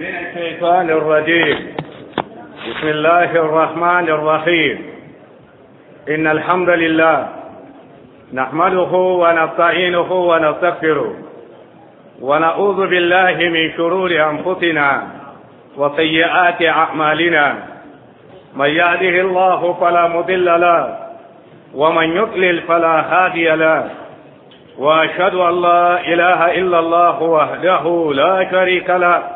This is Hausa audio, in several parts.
من الشيطان الرجيم بسم الله الرحمن الرحيم إن الحمد لله نحمده ونستعينه ونستغفره ونعوذ بالله من شرور أنفسنا وسيئات أعمالنا من يهده الله فلا مضل له ومن يضلل فلا هادي له واشهد ان لا اله الا الله وحده لا شريك له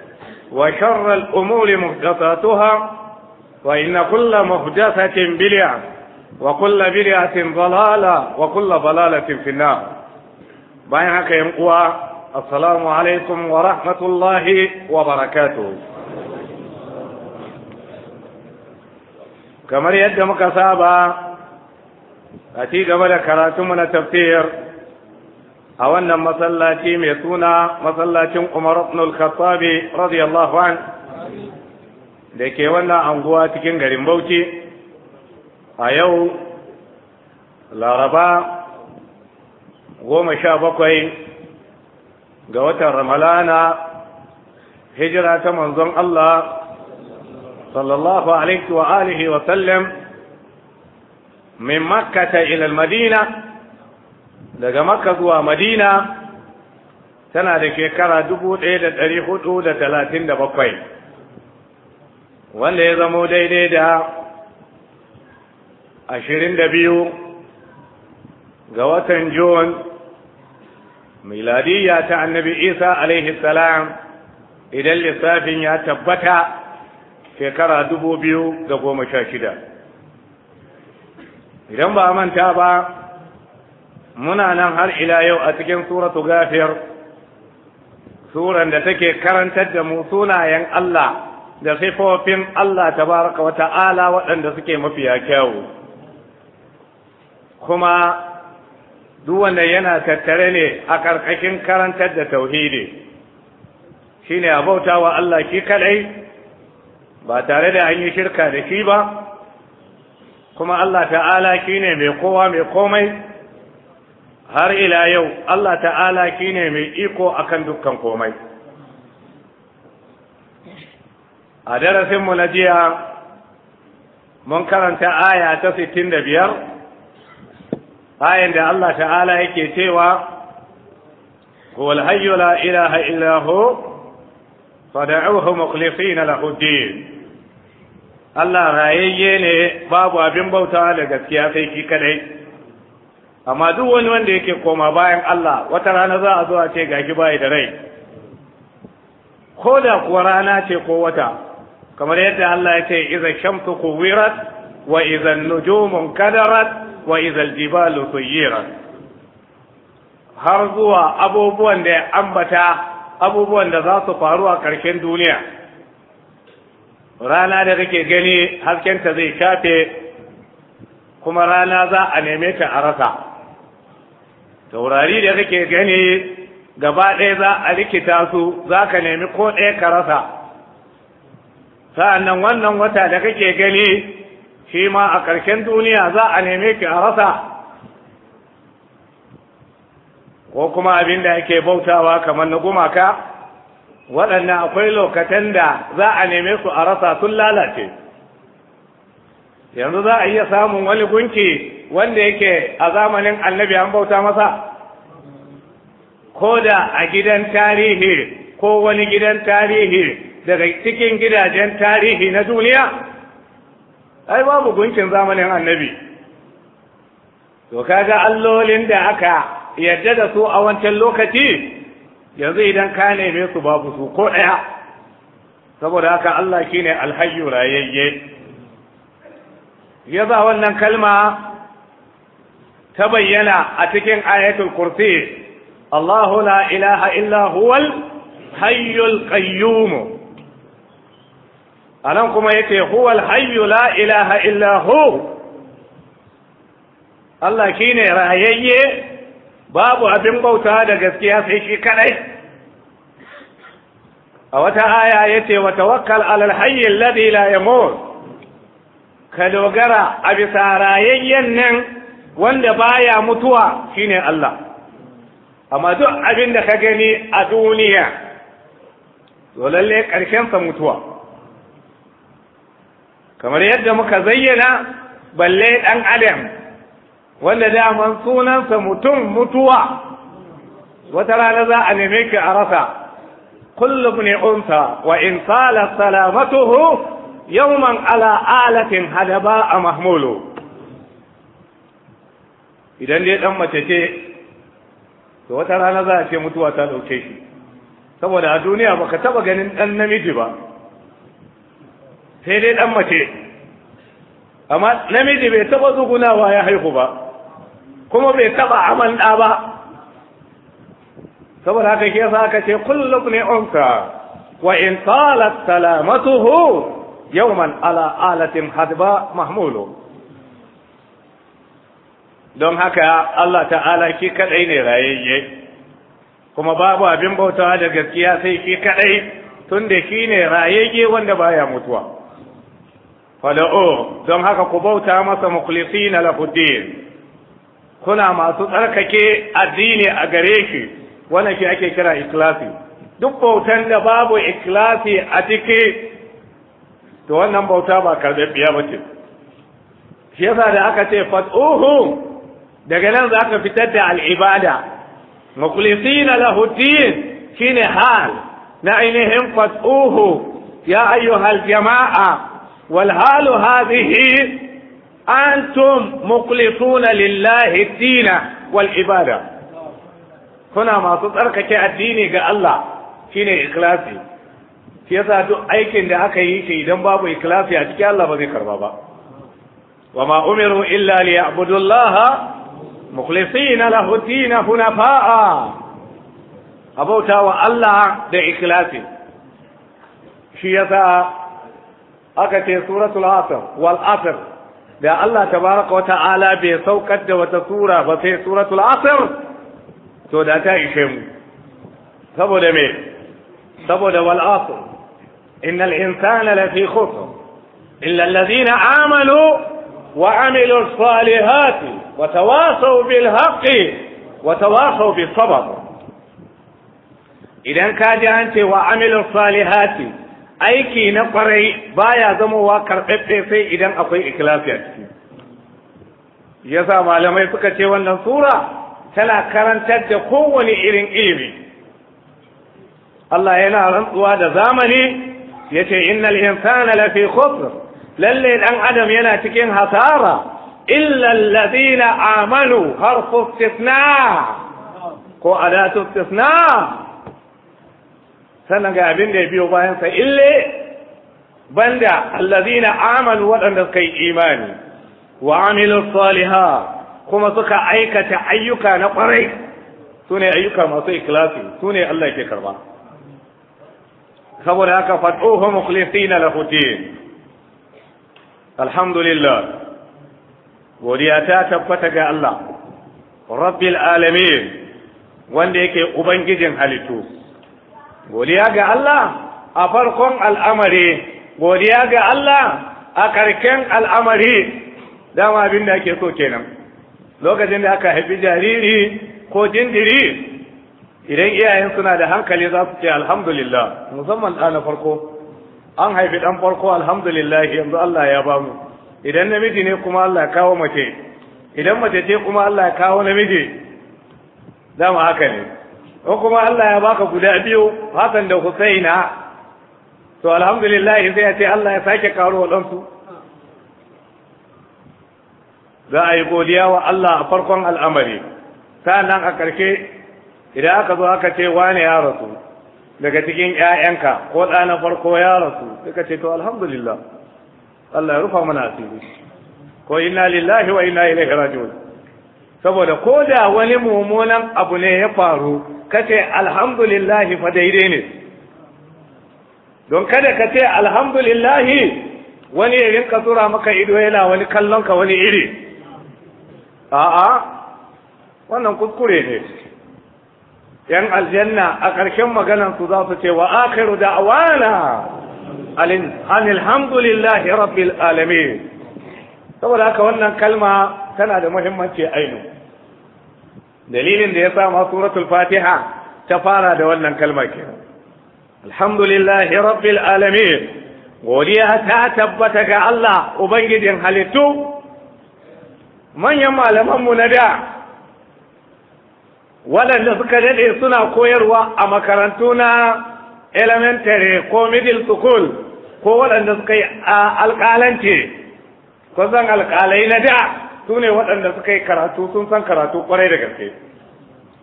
وشر الأمور محدثاتها وإن كل محدثة بلع وكل بلعة ضلالة وكل ضلالة في النار بينك ينقوى السلام عليكم ورحمة الله وبركاته كما يد مكسابة أتي قبل كراتمنا تفسير a wannan masallaci mai suna masallacin Umar ibn al radiyallahu an da ke wannan anguwa cikin garin Bauchi a yau Laraba goma sha bakwai ga watan Ramalana hijira ta manzon Allah sallallahu alaihi wa alihi wa sallam min makkata ila al-madina daga makka zuwa madina tana da shekara dubu ɗaya da ɗari hudu da talatin da bakwai wanda ya zamo daidai da ashirin da biyu ga watan Jun miladiyya ta annabi isa alaihi salam idan lissafin ya tabbata shekara dubu biyu da goma sha shida idan ba a manta ba muna nan har ila yau a cikin suratu gafiyar suran da take karantar da mu sunayen Allah da sifofin Allah tabaraka wa ta'ala waɗanda suke mafiya kyawu kuma duk wanda yana tattare ne a ƙarƙashin karantar da tauhidi shine a bauta wa Allah shi kadai ba tare da an yi shirka da shi ba kuma Allah ta'ala shine mai kowa mai komai har ila yau Allah ta'ala kine mai iko akan dukkan komai a darasin mu na jiya mun karanta aya ta 65 ayan da Allah ta'ala yake cewa huwal hayyu la ilaha illa hu fad'uhu مخلصين lahu din Allah rayayye ne babu abin bautawa da gaskiya sai ki kadai amma duk wani wanda yake koma bayan Allah wata rana za a zo a ce gashi bai da rai ko da kuwa rana ce ko wata kamar yadda Allah ya ce iza shamsu kuwirat wa iza nujumun kadarat wa iza aljibalu suyirat har zuwa abubuwan da ya ambata abubuwan da za su faru a karshen duniya rana da kake gani hasken ta zai kafe kuma rana za a neme ta a rasa taurari da kake gani gaba ɗaya za a rikita su za ka nemi ko ɗaya ka rasa sa'annan wannan wata da kake gani shi ma a ƙarshen duniya za a neme ki a rasa ko kuma abin da ake bautawa kamar na gumaka waɗannan akwai lokacin da za a neme su a rasa sun lalace yanzu za a iya samun wani gunki wanda yake a zamanin annabi an bauta masa ko da a gidan tarihi ko wani gidan tarihi daga cikin gidajen tarihi na duniya ai babu gunkin zamanin annabi to kaga allolin da aka yarda da su a wancan lokaci yanzu idan ka neme su babu su ko ɗaya saboda haka Allah shine alhayyu rayayye ya wannan kalma ta bayyana a cikin ayatul kursi Allahu la ilaha illa huwal hayyul qayyum anan kuma yace huwal hayyu la ilaha illa hu Allah kine rayayye babu abin bauta da gaskiya sai shi kadai a wata aya yace wa tawakkal alal hayyi alladhi la yamut ka dogara a bisa rayayyen nan wanda baya mutuwa shine Allah amma duk abin da ka gani a duniya to lalle ƙarshensa mutuwa kamar yadda muka zayyana balle ɗan adam wanda daman sunansa mutum mutuwa wata rana za a neme ki a rasa kullum ne unsa wa in salat salamatuhu yawman ala alatin hadaba a mahmulu idan dai dan mace ce to wata rana za a ce mutuwa ta dauke shi saboda a duniya baka taba ganin dan namiji ba sai dai dan mace amma namiji bai taba zugunawa ya haihu ba kuma bai taba aman da ba saboda haka ke sa aka ce kullum ne unka wa in talat salamatuhu yawman ala alatin hadba mahmulun don haka Allah ta'ala ki kadai ne rayayye kuma babu abin bautawa da gaskiya sai shi kadai tunda shi ne rayayye wanda baya mutuwa fada'o don haka ku bauta masa na lafuddin kuna masu tsarkake addini a gare shi wannan shi ake kira ikhlasi duk bautan da babu ikhlasi a ciki to wannan bauta ba karɓaɓɓiya ba ce shi yasa da aka ce fat'uhum daga nan za ka fitar da al'ibada mukhlisina lahu din shine hal na ainihin fasuhu ya ayyuhal jama'a wal halu hadhihi antum mukhlisuna lillahi dina wal ibada kuna masu tsarkake addini ga Allah shine ikhlasi shi yasa duk aikin da aka yi shi idan babu ikhlasi a cikin Allah ba zai karba ba wa ma umiru illa liya'budu Allah مخلصين له الدين حنفاء أبوتا والله شيء شيئة أكتي سورة العصر والعصر يا الله تبارك وتعالى بسوكة وتسورة وفي سورة العصر تودا تايشم تبود مي تبود والعصر إن الإنسان لفي خسر إلا الذين آمنوا وعملوا الصالحات وتواصوا بالحق وتواصوا بالصبر idan ka ji an ce wa amilin salihati aiki na kwarai baya zamowa karɓaɓɓe sai idan akwai ikhlasi a ciki yasa malamai suka ce wannan sura tana karantar da kowane irin ilimi Allah yana rantsuwa da zamani yace innal insana lafi khusr lalle dan adam yana cikin hasara illa alladhina amanu harfu ko adatu istisna sannan ga abin da ya biyo bayan sa ille banda alladhina amanu waɗanda suka yi imani wa amilu saliha kuma suka aikata ayyuka na kwarai su ne ayyuka masu ikilasi su ne Allah ke karba saboda haka fat'uhu mukhlisina lahu din alhamdulillah godiya ta tabbata ga Allah rabbil alamin wanda yake ubangijin halittu godiya ga Allah a farkon al'amari godiya ga Allah a karken al'amari dama abin da ake so kenan lokacin da aka haifi jariri ko jindiri idan iyayen suna da hankali za su ce alhamdulillah musamman ɗa na farko an haifi dan farko alhamdulillah yanzu Allah ya bamu idan namiji ne kuma Allah ya kawo mace idan mace ce kuma Allah ya kawo namiji dama haka ne ko kuma Allah ya baka guda biyu Hassan da Husaina to alhamdulillah sai ya ce Allah ya sake karo wadansu za a yi godiya wa Allah a farkon al'amari nan a ƙarshe idan aka zo aka ce wane ya rasu daga cikin ƴaƴanka ko ɗa na farko ya rasu suka ce to alhamdulillah Allah ya rufa mana asiri ko inna lillahi wa inna ilaihi raji'un saboda ko da wani mummunan abu ne ya faru kace alhamdulillah fa daidai ne don kada ka ce alhamdulillah wani ya rinka tura maka ido yana wani kallon ka wani iri a'a wannan kuskure ne yan aljanna a ƙarshen maganan su za su ce wa akhiru da'wana alhamdulillahi rabbil alamin saboda haka wannan kalma tana da muhimmanci ainu dalilin da ya sa ma suratul fatiha ta fara da wannan kalma ke alhamdulillahi rabbil godiya ta tabbata ga Allah ubangijin halittu manyan malamanmu na da waɗanda suka daɗe suna koyarwa a makarantu na elementary ko middle school ko waɗanda suka yi alƙalance ko san alƙalai na da su ne waɗanda suka yi karatu sun san karatu ƙwarai da gaske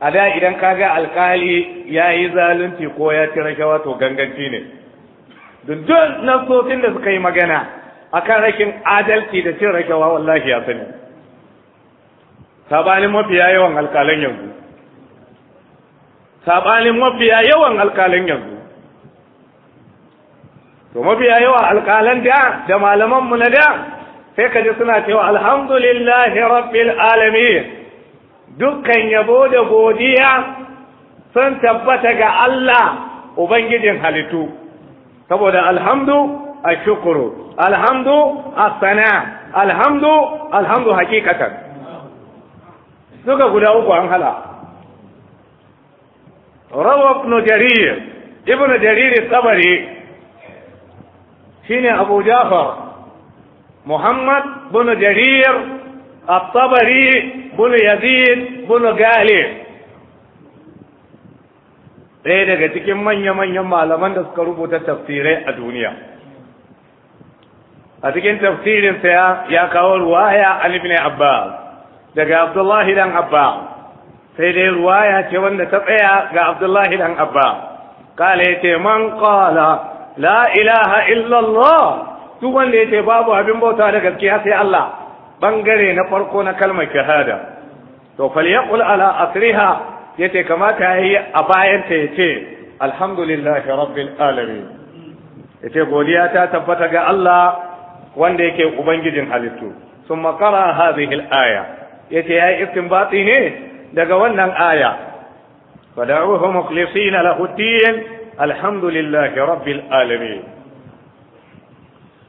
a da idan ka ga alƙali ya yi zalunci ko ya ci rashawa to ganganci ne dundun nasosin da suka yi magana akan rashin adalci da cin rashawa wallahi ya sani sabanin mafiya yawan alƙalan yanzu saɓanin mafiya yawan alƙalan yanzu to mafiya yawa alƙalan da da malamanmu na da sai ka ji suna cewa alhamdulillahi rabbil alamin dukkan yabo da godiya sun tabbata ga Allah ubangijin halittu saboda alhamdu ashukuru alhamdu asana alhamdu alhamdu hakikatan suka guda uku an hala روى ابن جرير ibn جرير الطبري shine ابو جعفر muhammad بن جرير الطبري tabari يزيد yazid ibn ɗaya daga cikin manya-manyan malaman da suka rubuta tafsirai a duniya a cikin tafsirinsa ya kawo ruwaya an ibn abba daga abdullahi dan abba. sai dai ruwaya ce wanda ta tsaya ga abdullahi dan abba kala yace man kala. la ilaha illallah duk wanda yace babu abin bauta da gaskiya sai Allah bangare na farko na kalmar shahada to falyaqul ala asriha yace kamata yayi a bayan ta yace alhamdulillahi rabbil alamin yace godiya ta tabbata ga Allah wanda yake ubangijin halittu sun makara hadhihi al-aya yace yayi istinbati ne daga wannan aya fada'uhu mukhlisina lahu din alhamdulillahi rabbil alamin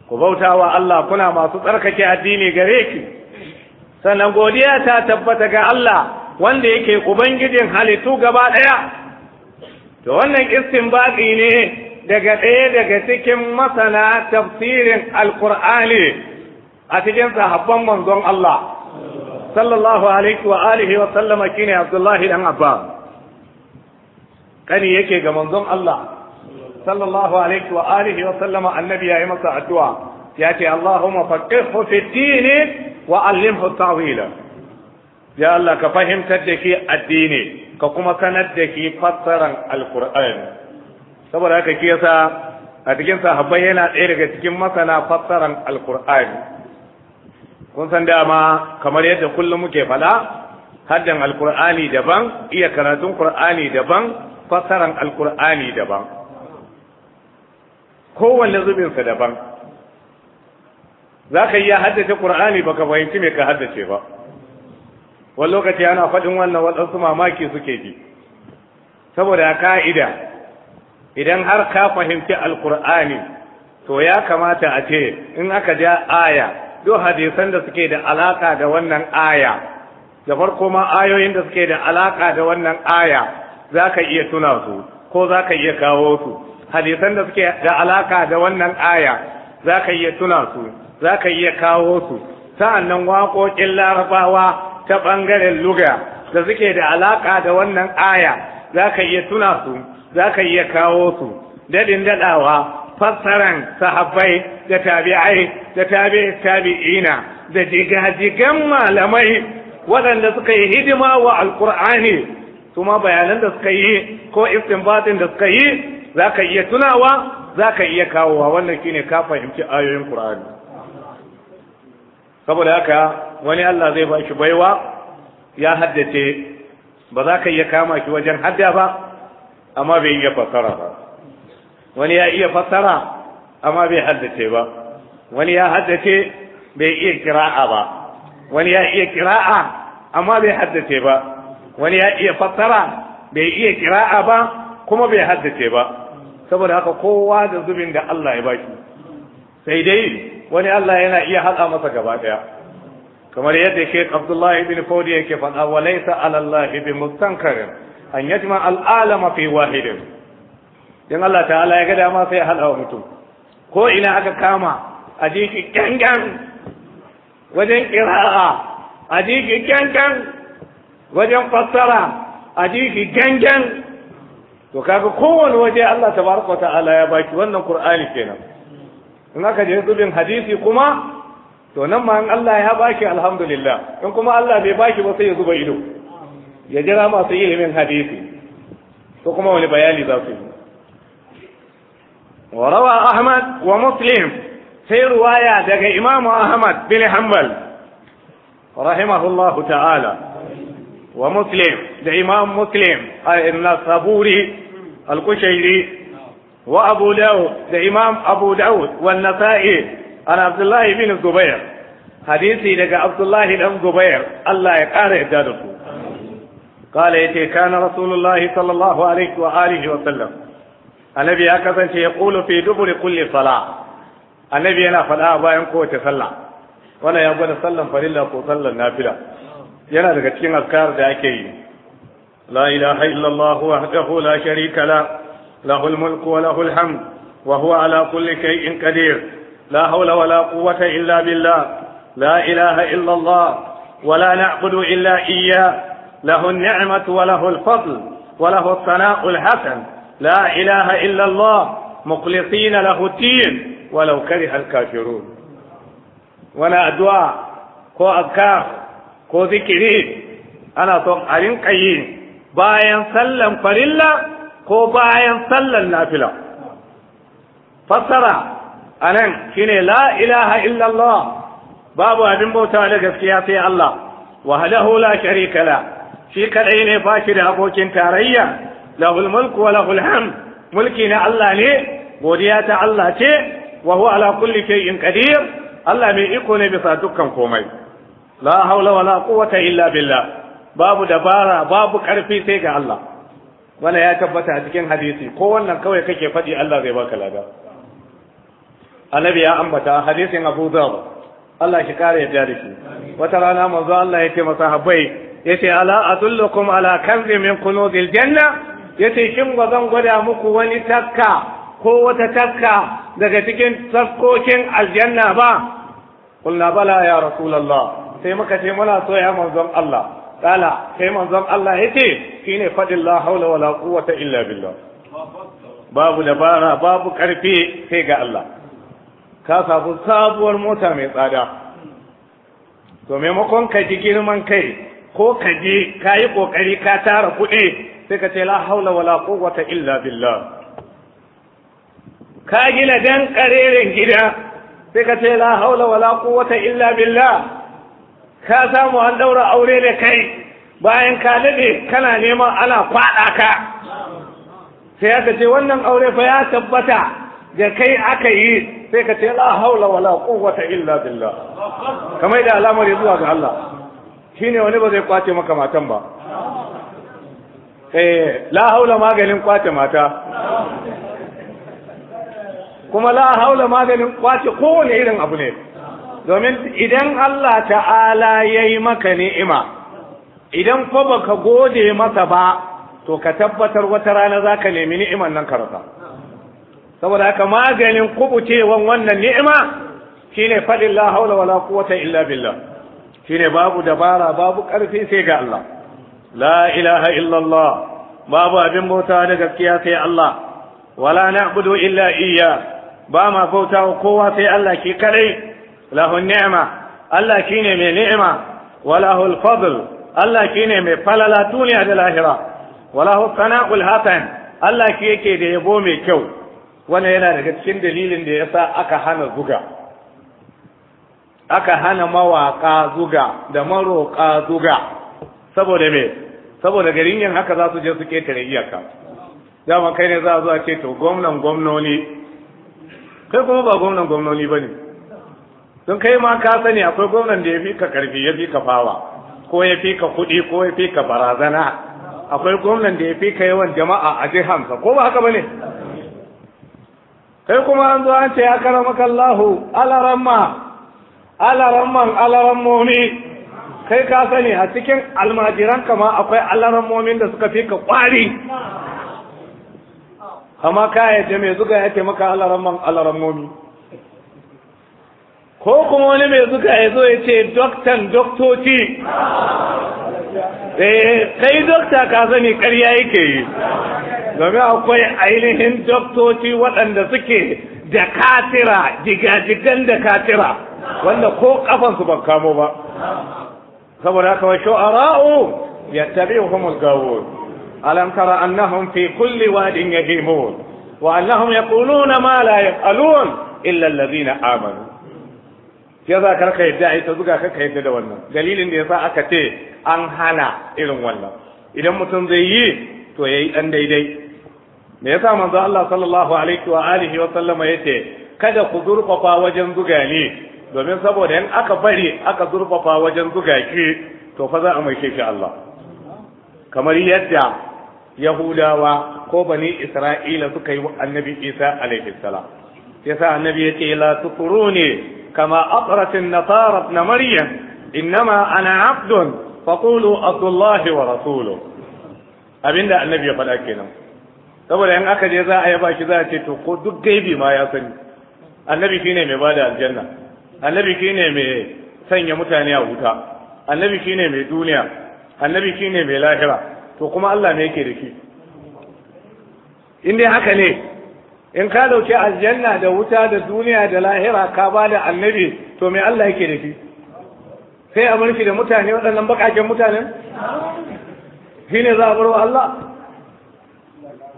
ku bautawa Allah kuna masu tsarkake addini gareki. ki godiya ta tabbata ga Allah wanda yake ubangijin halittu gaba ɗaya. Da wannan batsi ne daga ɗaya daga cikin masana tafsirin alkur'ani a cikin sahabban manzon Allah sallallahu alaihi wa alihi wa sallama shine Abdullahi dan Abbas kani yake ga manzon Allah sallallahu alaihi wa alihi wa sallama annabi ya yi masa addu'a ya ce Allahumma faqihhu fi din wa allimhu tawila ya Allah ka fahimtar da ke addini ka kuma sanar da ke fassaran alqur'ani saboda haka ke yasa a cikin sahabbai yana ɗaya daga cikin masana fassaran alqur'ani kun san dama kamar yadda kullum muke faɗa haddan alkur'ani daban iya karatun kur'ani daban fasaran alkur'ani daban kowanne zubinsa daban za ka iya haddace qur'ani baka fahimci me ka haddace ba wani lokaci ana faɗin wannan waɗansu mamaki suke bi. saboda ka'ida idan har ka fahimci alkur'ani to ya kamata a ce in aka ja aya duk hadisan da suke da alaka da wannan aya da farko ma ayoyin da suke da alaka da wannan aya za ka iya tuna su ko za ka iya kawo su hadisan da suke da alaka da wannan aya za ka iya tuna su za ka iya kawo su sa'annan waƙoƙin larabawa ta ɓangaren luga da suke da alaka da wannan aya za ka iya tuna su za ka iya kawo su dadin daɗawa fassaran sahabbai da tabi'ai da tabi tabi'ina da jigajigan malamai waɗanda suka yi hidima wa alkur'ani su ma bayanan da suka yi ko istinbatin da suka yi za ka iya tunawa za ka iya kawowa wannan shine ka fahimci ayoyin qur'ani saboda haka wani Allah zai ba shi baiwa ya haddace ba za ka iya kama shi wajen hadda ba amma bai iya fassara ba wani ya iya fassara amma bai haddace ba wani ya haddace bai iya kira'a ba wani ya iya kira'a amma bai haddace ba wani ya iya fassara bai iya kira'a ba kuma bai haddace ba saboda haka kowa da zubin da Allah ya baki sai dai wani Allah yana iya haɗa masa gaba ɗaya kamar yadda ke Abdullah ibn Fodi yake faɗa wa laysa 'ala Allah bi mustankarin an yajma al fi wahidin in Allah ta'ala ya ga dama sai ya halawa mutum ko ina aka kama a jiki kyankyan wajen ƙira'a a jiki kyankyan wajen fassara a jiki kyankyan to kaga kowane waje Allah tabaraka ta'ala ya baki wannan Qur'ani kenan in aka je hadisi kuma to nan ma in Allah ya baki alhamdulillah in kuma Allah bai baki ba sai ya zuba ido ya jira masu ilimin hadisi ko kuma wani bayani za su yi وروى أحمد ومسلم في رواية دقى إمام أحمد بن حنبل رحمه الله تعالى ومسلم لإمام إمام مسلم النصابوري القشيري وأبو داود ده إمام أبو داود والنسائي عن عبد الله بن الزبير حديثي لك عبد الله بن الزبير الله يقارع ذلك قال يتي كان رسول الله صلى الله عليه وآله وسلم annabi ya kasance ya kulu fi dubri kulli sala annabi yana faɗa bayan kowace salla wannan ya gwada sallan farilla ko sallan nafila yana daga cikin azkar da ake yi la ilaha illallah wahdahu la sharika la lahul mulku wa lahul hamd wa huwa ala kulli shay'in qadir la hawla wa la quwwata illa billah la ilaha illallah wa la na'budu illa iyyah lahu an-ni'matu wa lahu al-fadl wa lahu الثناء الحسن لا إله إلا الله مخلصين له الدين ولو كره الكافرون ولا أدعاء كو أذكار كو ذكري أنا صوم أرين قيين باين سلم فرلا كو باين سلم نافلة فسر أنا شيني لا إله إلا الله babu abin bauta da gaskiya sai Allah wahdahu la sharika la shi kadai ne ba shi da abokin tarayya lahul mulku wa lahul mulki na Allah ne godiya ta Allah ce wa huwa ala kulli shay'in qadir Allah mai iko ne bisa dukkan komai la haula wala quwwata illa billah babu dabara babu karfi sai ga Allah wannan ya tabbata a cikin hadisi ko wannan kawai kake faɗi Allah zai baka lada annabi ya ambata hadisin Abu Dhar Allah ki kare yadda da shi wata rana manzo Allah ya ce masa habbai yace ala adullukum ala kanzi min kunuzil janna yace kin ba zan gwada muku wani takka ko wata takka daga cikin tafkokin aljanna ba qulna bala ya rasulullah sai muka ce muna so ya manzon Allah kala sai manzon Allah yace shine fadin la haula wala quwwata illa billah babu dabara babu karfi sai ga Allah ka sabu sabuwar mota mai tsada to maimakon ka ji girman kai ko ka je ka yi ƙoƙari ka tara kuɗi sai ka ce la haula wala quwwata illa billah ka gina dan karerin gida sai ka ce la haula wala quwwata illa billah ka samu an daura aure da kai bayan ka dade kana neman ana kwada ka sai aka ce wannan aure fa ya tabbata da kai aka yi sai ka ce la haula wala quwwata illa billah kamar da alamar zuwa ga Allah shine wani ba zai kwace maka matan ba eh la haula maganin kwace mata kuma la haula maganin kwace kowane irin abu ne domin idan Allah ta'ala ya yi maka ni'ima idan ko baka gode masa ba to ka tabbatar wata rana za ka nemi ni'iman nan karasa saboda haka maganin kubucewan wannan ni'ima shine faɗin la haula wala quwwata illa billah shine babu dabara babu ƙarfi sai ga Allah la ilaha illallah babu abin bauta da gaskiya sai Allah wala na'budu illa iyya ba ma bauta kowa sai Allah ki kadai lahu ni'ma Allah shine mai ni'ima walahu al-fadl Allah shine mai falala duniya da lahira walahu sana'ul hasan Allah ki yake da yabo mai kyau wannan yana daga cikin dalilin da ya sa hana aka hana mawaka zuga da maroka zuga saboda me saboda garin yin haka za su je su ketare iyaka dama kai ne za a zo a ce to gwamnan gwamnoni kai kuma ba gwamnan gwamnoni ba ne don kai ma ka sani akwai gwamnan da ya fi ka karfi ya fi ka fawa ko ya fi ka kuɗi ko ya fi ka barazana akwai gwamnan da ya fi ka yawan jama'a a jihansa ko ba haka ba ne Kai kuma an zo an ce ya karama kallahu alaramma alaramman alarammomi kai ka sani a cikin almajiran kama akwai alarammomin da suka fi ka kwari kama ka yace mai zuga ya taimaka maka ko kuma wani mai zuga ya zo ya ce doktan doktoci eh, kai dokta ka sani karya yake yi domin akwai ainihin doktoci waɗanda suke da katira jigajigan da katira wanda ko kafansu ban kamo ba saboda haka wa shu'ara'u yattabi'uhum al-gawun alam tara annahum fi kulli wadin yahimun wa kunu na ma la yaf'alun illa na amanu ya za ka yadda ai ta zuga ka yadda da wannan dalilin da yasa aka ce an hana irin wannan idan mutum zai yi to yi dan daidai me yasa manzo Allah sallallahu alaihi wa alihi wa sallama yace kada ku durƙafa wajen zuga ne domin saboda yan aka bari aka zurfafa wajen zuga ki to fa za a mai shi Allah kamar yadda yahudawa ko bani isra'ila suka yi annabi isa alaihi salam sa annabi yake la tukuruni kama aqratin nasara na maryam innama ana abdun faqulu abdullahi wa rasuluhu abinda annabi ya faɗa kenan saboda in aka je za a yaba shi za a ce to ko duk gaibi ma ya sani annabi shine mai bada aljanna annabi shine mai sanya mutane a wuta annabi shine mai duniya annabi shine mai lahira to kuma Allah ne yake da shi in dai haka ne in ka dauke aljanna da wuta da duniya da lahira ka ba da annabi to me Allah yake da shi sai a shi da mutane waɗannan bakaken mutanen shine za a bar wa Allah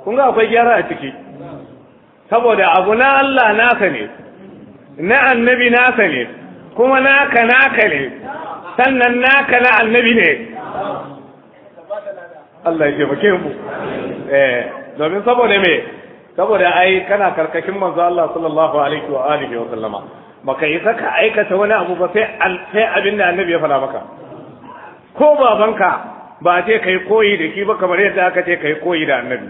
kun ga akwai gyara a ciki saboda abu na Allah naka ne na annabi nasa ne kuma naka naka ne sannan naka na annabi ne Allah ya taimake mu eh domin saboda me saboda ai kana karkashin manzo Allah sallallahu alaihi wa alihi wa sallama baka yi saka aikata wani abu ba sai sai abin da annabi ya fara maka ko babanka ba ce kai koyi da shi ba kamar yadda aka ce kai koyi da annabi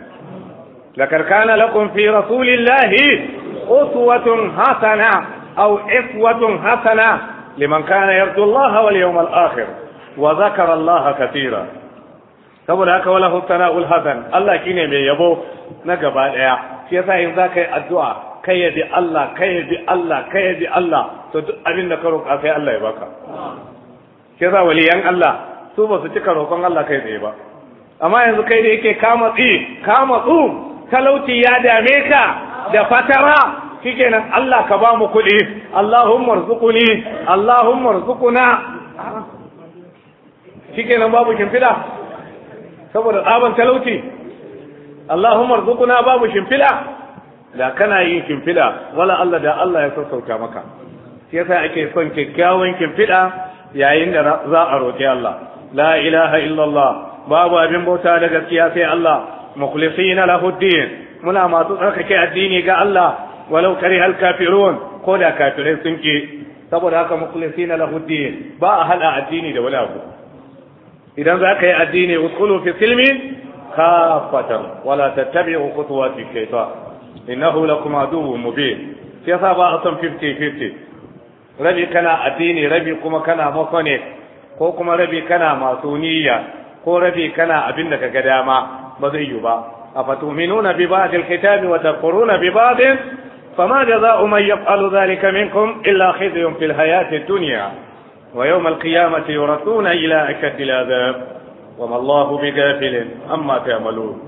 lakar kana lakum fi rasulillahi أسوة حسنة أو إسوة حسنة لمن كان يرجو الله واليوم الآخر وذكر الله كثيرا saboda haka wala hussana ul hasan Allah kine mai yabo na gaba daya shi yasa in za ka yi addu'a kai bi Allah kai bi Allah kai bi Allah to duk abin da ka roƙa sai Allah ya baka shi yasa waliyan Allah su ba su cika roƙon Allah kai tsaye ba amma yanzu kai da yake kamatsi, kamatsu, talauci ya dame ka da fatara kenan Allah ka ba mu kuɗi Allahumma rzuquni na. rzuquna kenan babu shimfiɗa saboda tsaban talauci Allahumma na babu shimfiɗa da kana yin shimfiɗa wala Allah da Allah ya sassauta maka shi yasa ake son kyakkyawan shimfiɗa yayin da za a roƙi Allah la ilaha illallah babu abin bauta da gaskiya sai Allah mukhlisina lahu din muna masu tsarkake addini ga Allah walau kare hal kafirun ko da kafirai sun ke saboda haka mukhlisina lahu din ba a hada addini da wani abu idan za ka yi addini uskulu fi silmi kafatan wala tattabi'u khutuwati shaytan innahu lakum aduwwun mubin shi yasa ba a son 50-50 rabi kana addini rabi kuma kana makone ko kuma rabi kana masu niyya ko rabi kana abin da ka ga dama ba zai yi ba أفتؤمنون ببعض الكتاب وتكفرون ببعض فما جزاء من يفعل ذلك منكم إلا خزي في الحياة الدنيا ويوم القيامة يردون إلى أشد العذاب وما الله بغافل عما تعملون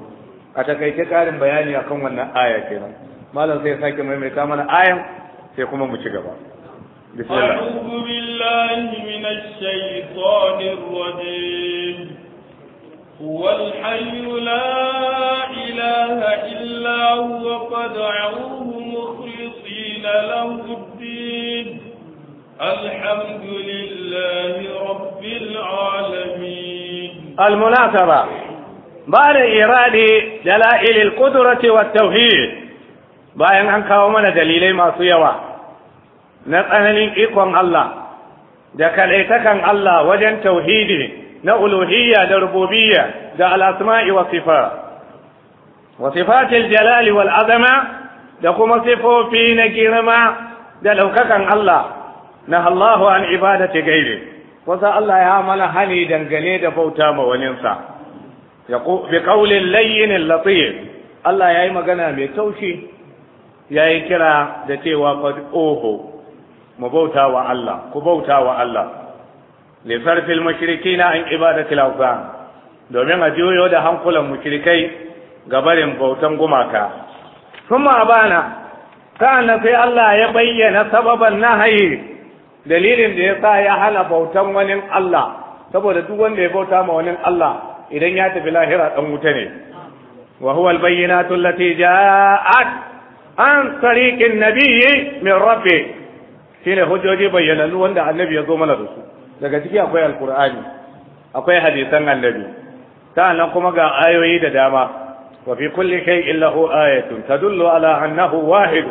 أتكي تكارن بياني أكون أن آية كنا ما لن سيساك مهمة كامنا آية سيقوم مشكبا بسم الله أعوذ بالله من الشيطان الرجيم هو الحي لا إله إلا هو فادعوه مخلصين له الدين الحمد لله رب العالمين المناسبة بعد إرادة دلائل القدرة والتوحيد bayan an kawo mana dalilai masu yawa na tsananin ikon Allah da kalaitakan Allah wajen tauhidi na uluhiyya da rububiyya da al-asma'i wa sifat wa sifatil jalali wal azama da kuma sifofi na girma da ɗaukakan Allah na Allahu an ibadati gairi wasa Allah ya mana hani dangane da bauta ma waninsa bi qawlin layyin latif Allah yayi magana mai taushi yayi kira da cewa qad oho mu bauta wa Allah ku bauta wa Allah Lisar sarfil mushrikina an ibadatil awsan domin a juyo da hankulan mushrikai ga barin bautan gumaka kuma bana, sa'annan sai Allah ya bayyana sababan nahayi dalilin da ya sa ya hana bautan wani Allah saboda duk wanda ya bauta ma wani Allah idan ya tafi lahira dan wuta ne wa huwa albayyinatu allati ja'at an tariqin nabiyyi min rabbi shine hujjoji bayyana wanda annabi ya zo mana da su daga ciki akwai alkur'ani akwai hadisan annabi nan kuma ga ayoyi da dama wa fi kulli illa hu ayatun tadullu ala annahu wahid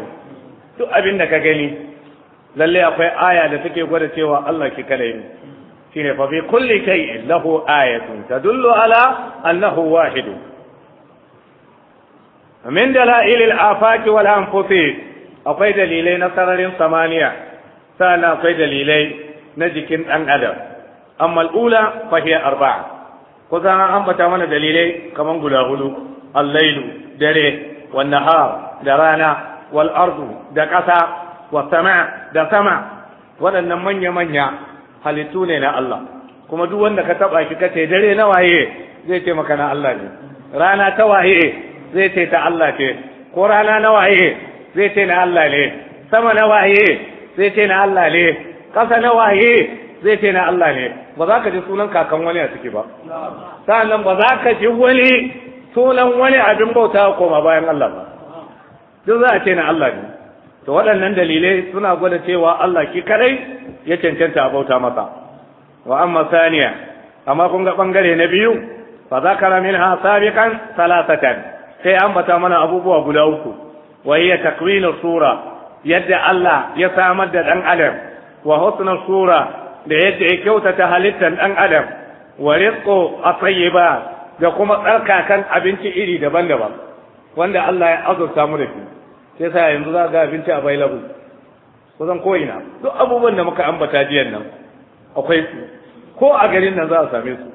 duk abin da ka gani lalle akwai aya da take gwada cewa Allah ki kadai ne shine fa fi kulli illa hu ayatun tadullu ala annahu wahid min dalail al-afaq wal anfusi akwai dalilai na sararin samaniya sana akwai dalilai na jikin ɗan adam amma al'ula fahiyar arba'a kusan an ambata mana dalilai kamar guda hudu allailu dare wan nahar da rana wal da ƙasa wa sama da sama waɗannan manya-manya halittu ne na Allah kuma duk wanda ka taɓa shi kace dare na waye zai ce maka na Allah ne rana ta waye zai ce ta Allah ce ko rana na waye zai ce na Allah ne sama na waye zai ce na Allah ne kasa na waye zai ce na Allah ne ba za ka ji sunan kakan wani a ciki ba sa'annan ba za ka ji wani sunan wani abin bauta koma bayan Allah ba duk za a ce na Allah ne to waɗannan dalilai suna gwada cewa Allah ki kadai ya cancanta a bauta masa wa amma saniya amma kun ga bangare na biyu fa zakara minha sabiqan salasatan sai ambata mana abubuwa guda uku wa hiya takwinu sura yadda Allah ya samar da dan adam wa husnul sura da yadda ya kyautata halittan dan adam wa rizqu at da kuma tsarkakan abinci iri daban-daban wanda Allah ya azurta mu da shi sai sai yanzu za ga abinci available kusan ko ina duk abubuwan da muka ambata jiyan nan akwai su ko a garin nan za a same su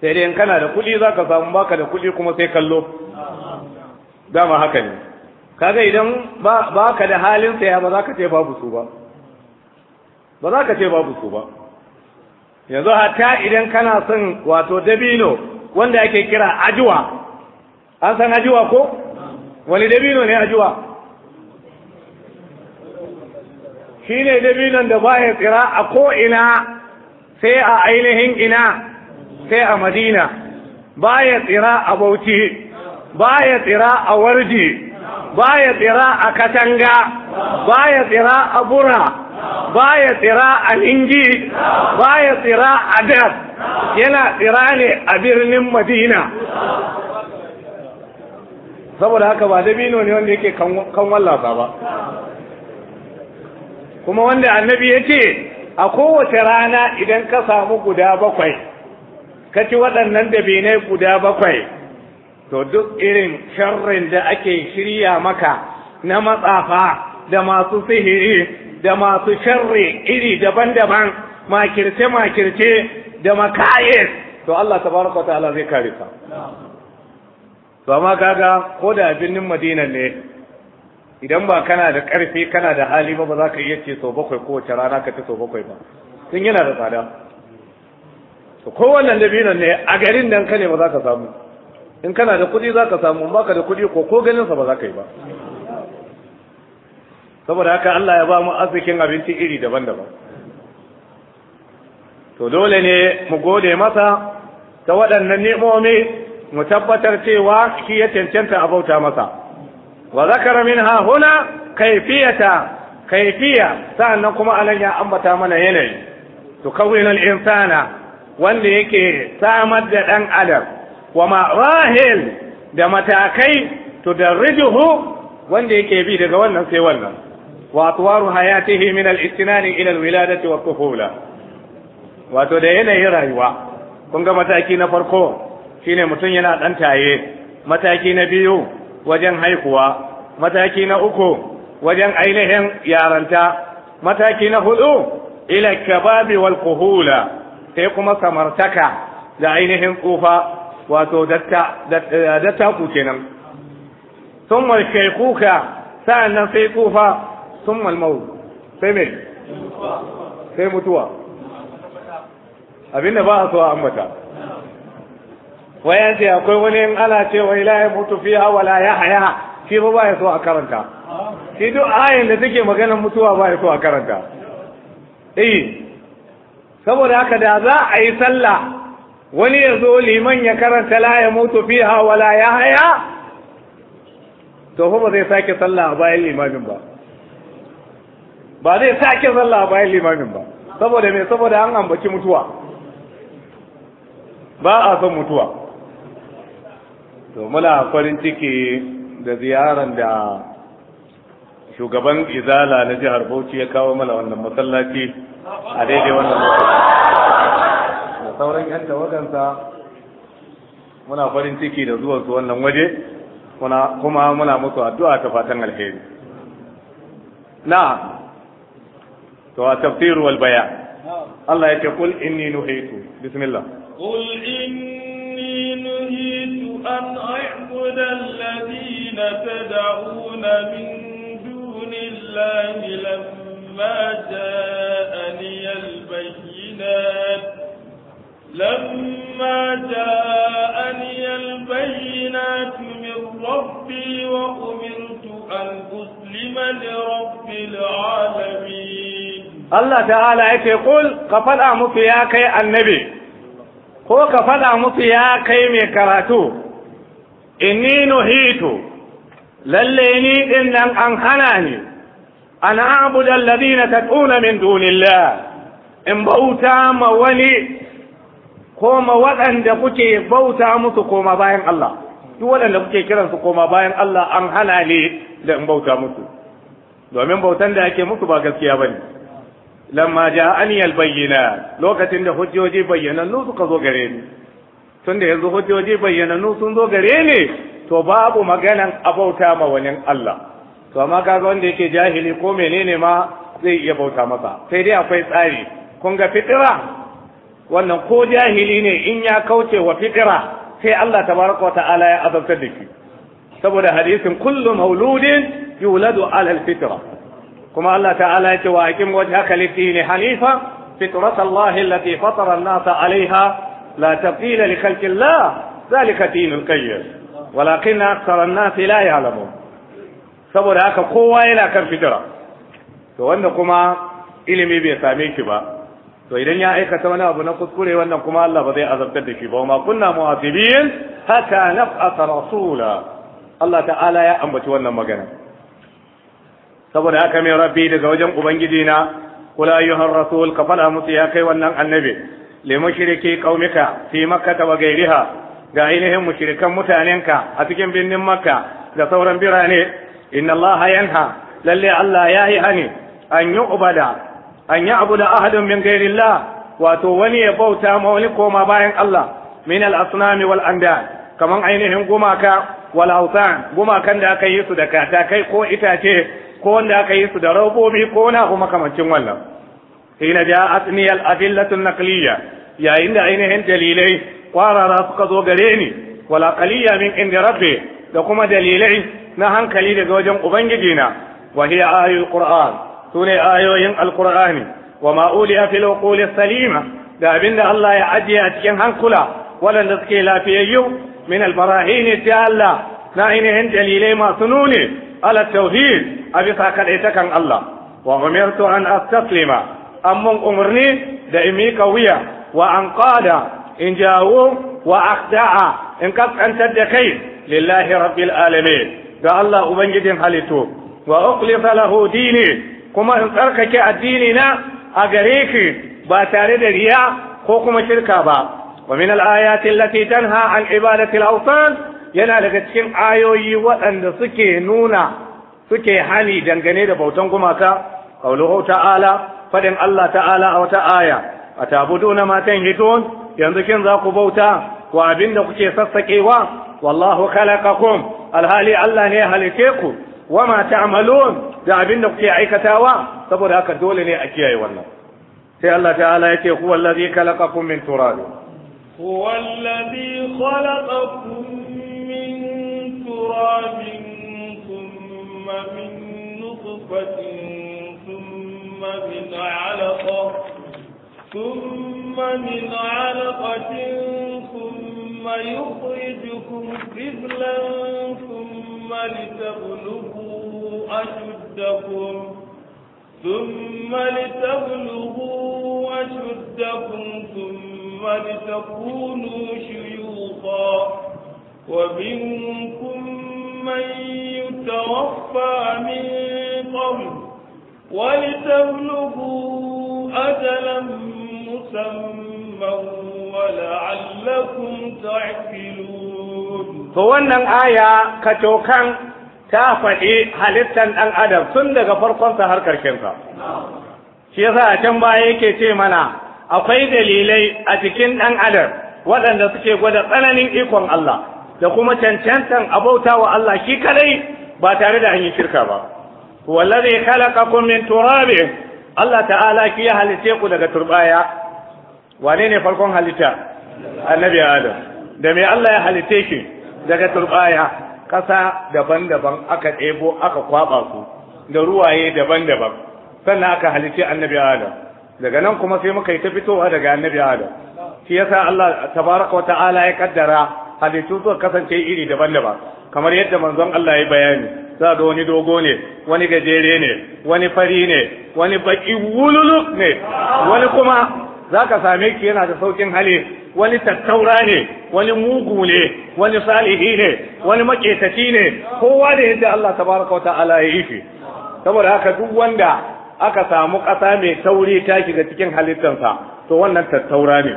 sai dai in kana da kuɗi za ka samu baka da kuɗi kuma sai kallo dama haka ne kaga idan ba ka da halin saya ba za ka ce babu su ba ba za ka ce babu su ba yanzu hatta idan kana son wato dabino wanda ake kira ajuwa an san ajuwa ko wani dabino ne ajuwa shi ne dabinon da ba ya tsira a ko'ina sai a ainihin ina sai a madina ba ya tsira a bauchi ba ya tsira a warji ya tsira a katanga ba ya tsira a bura baya tsira a ningi baya tsira a dar yana tsira ne a birnin madina saboda haka ba dabino ne wanda yake kan wallafa ba kuma wanda annabi ya ce a kowace rana idan ka samu guda bakwai ka ci waɗannan dabinai guda bakwai to duk irin sharrin da ake shirya maka na matsafa da masu sihiri da masu sharri iri daban-daban makirce-makirce da makaye to Allah tabaraka wa ta'ala zai kare ka to amma kaga ko da birnin Madina ne idan ba kana da karfi kana da hali ba ba za ka iya ce sau bakwai wace rana ka ci sau bakwai ba tun yana da tsada to da dabinon ne a garin nan ka ne ba za ka samu in kana da kuɗi za ka samu in baka da kuɗi ko ko ganin sa ba za ka yi ba saboda haka Allah ya ba mu arzikin abinci iri daban-daban to dole ne mu gode masa ta waɗannan ni'imomi mu tabbatar cewa shi ya cancanta a bauta masa wa zakara min ha huna kaifiyata kaifiya sa'annan kuma anan ya ambata mana yanayi to kawinal insana wanda yake samar da ɗan adam wa ma'rahil da matakai to da wanda yake bi daga wannan sai wannan وأطوار حياته من الاستنان إلى الولادة والطفولة wato da yanayin rayuwa kun ga mataki na farko shine mutum yana ɗantaye mataki na biyu wajen haikuwa mataki na uku wajen ainihin yaranta mataki na hudu ila kababi wal kuhula sai kuma samartaka da ainihin tsufa wato dattaku kenan sun kuka sa'annan sai tsufa Sun malmau sai me sai mutuwa abinda ba a so a ambata wayan ce akwai wani in ala ce wai la ya mutu fiha wala ya haya shi ba ya so a karanta shi duk ayin da take maganar mutuwa ba ya so a karanta eh saboda haka da za a yi sallah wani ya zo liman ya karanta la ya mutu fiha wala ya haya to fa ba zai sake sallah a bayan limamin ba ba zai sake zalla a bayan limamin ba saboda me saboda an ambaci mutuwa ba a son mutuwa to muna farin ciki da ziyarar da shugaban izala na jihar bauchi ya kawo mana wannan masallaci a daidai wannan da sauran yan tawagansa muna farin ciki da zuwansu wannan waje kuma muna musu addu'a ta fatan alheri na to a tafsir wal bayan Allah ya ce kul inni nuhitu bismillah qul inni nuhitu an a'budu alladhina tad'una min dunillahi lamma ja'ani al-bayyinat لما جاءني البينات من ربي وأمرت أن أسلم لرب العالمين Allah ta'ala ya ce kul ka faɗa musu ya kai annabi ko ka faɗa musu ya kai mai karatu inni nuhitu lalle ni din nan an hana ni an abuda alladhina tad'una min dunillah in bauta ma wani ko ma waɗanda kuke bauta musu koma bayan Allah duk waɗanda kuke kiransu koma bayan Allah an hana ni da in bauta musu domin bautan da ake musu ba gaskiya bane lamma ja'ani al-bayyinat lokacin da hujjoji bayyanannu suka zo gare ni tunda yanzu hujjoji bayyana sun zo gare ni to babu maganan abauta ma wani Allah to amma kaga wanda yake jahili ko menene ma zai iya bauta masa sai dai akwai tsari kun ga fitira wannan ko jahili ne in ya kauce wa fitira sai Allah tabaraka ta'ala ya azabtar da shi saboda hadisin kullu mauludin yuladu ala al kuma Allah ta'ala ya ce wa aqim wajhaka lid-din hanifa fitratallahi Allah allati fatara an-nasa 'alayha la tabdila li khalqi zalika dinul qayyim walakin akthar an-nas la ya'lamun saboda haka kowa yana kan fitira to wanda kuma ilimi bai same ki ba to idan ya aikata wani abu na kuskure wannan kuma Allah ba zai azabtar da shi ba ma kunna mu'athibin haka naf'ata rasula Allah ta'ala ya ambaci wannan magana saboda haka mai rabbi daga wajen ubangiji na kula ayyuhar rasul ka fada musu ya kai wannan annabi li mushriki qaumika fi makkah wa ghayriha ga ainihin mushrikan mutanenka a cikin birnin makka da sauran birane inna allaha yanha lalle allah ya yi hani an yi ubada an yi abu da ahadun min gairillah wato wani ya bauta ma wani koma bayan Allah min al-asnami wal kaman ainihin gumaka wal gumakan da aka yi su da katakai ko itace ko wanda aka yi su da robobi ko na abu makamancin wannan hina ja asniyal adillatun naqliya yayin da ainihin dalilai kwarara suka zo gare ni wala qaliya min inda rabbi da kuma dalilai na hankali daga wajen ubangiji na wa hiya ayatul qur'an sune ayoyin alqur'ani wa ma a fil uquli salima da abinda Allah ya ajiye a cikin hankula waɗanda suke lafiyayyu min albarahin ta Allah na ainihin dalilai masu nuni ala tauhid a bisa kan Allah wa umirtu an astaslima amman umarni da in mika wuya wa an qada in jawo wa aqda'a. in kaskantar da kai lillahi rabbil alamin ga Allah ubangijin halittu wa uqlisa lahu dini kuma in tsarkake addini na a gare ki ba tare da riya ko kuma shirka ba ومن الآيات التي تنهى عن عبادة الأوثان yana daga cikin ayoyi waɗanda suke nuna suke hani dangane da bautan gumaka qauluhu ta'ala faɗin Allah ta'ala a wata aya A na matan tanhitun yanzu kin za ku bauta wa abinda kuke sassaƙewa wallahu khalaqakum alhali Allah ne halice ku wama ta'malun da abinda kuke aikatawa saboda haka dole ne a kiyaye wannan sai Allah ta'ala yake huwallazi khalaqakum min turab huwallazi khalaqakum يخرج منكم ثم من نطفة ثم من علقة ثم من علقة ثم يخرجكم طفلا ثم لتبلغوا أشدكم ثم لتبلغوا أشدكم ثم لتكونوا شيوخا ومنكم من يتوفى من قبل ولتبلغوا أجلا مسمى ولعلكم تعقلون فوانا آية كتوكان ta faɗi halittar ɗan adam tun daga farkonsa har ƙarshensa. Shi yasa a can baya yake ce mana akwai dalilai a cikin ɗan adam waɗanda suke gwada tsananin ikon Allah. da kuma cancantan abauta wa Allah shi kadai ba tare da hanyar shirka ba wallazi khalaqakum min turabi Allah ta'ala ki ya halice ku daga turbaya wane ne farkon halitta annabi adam da me Allah ya halice ki daga turbaya kasa daban-daban aka ɗebo aka kwaba ku da ruwaye daban-daban sannan aka halice annabi adam daga nan kuma sai muka yi ta fitowa daga annabi adam shi yasa Allah tabaraka wa ta'ala ya kaddara halittu suka kasance iri daban-daban kamar yadda manzon Allah ya bayani za ga wani dogo ne wani gajere ne wani fari ne wani baki wululu ne wani kuma za ka same ki yana da saukin hali wani tattaura ne wani mugu ne wani salihi ne wani maƙetaci ne kowa da yadda Allah baraka wata ala ya yi saboda haka duk wanda aka samu ƙasa mai tauri ta shiga cikin halittansa to wannan tattaura ne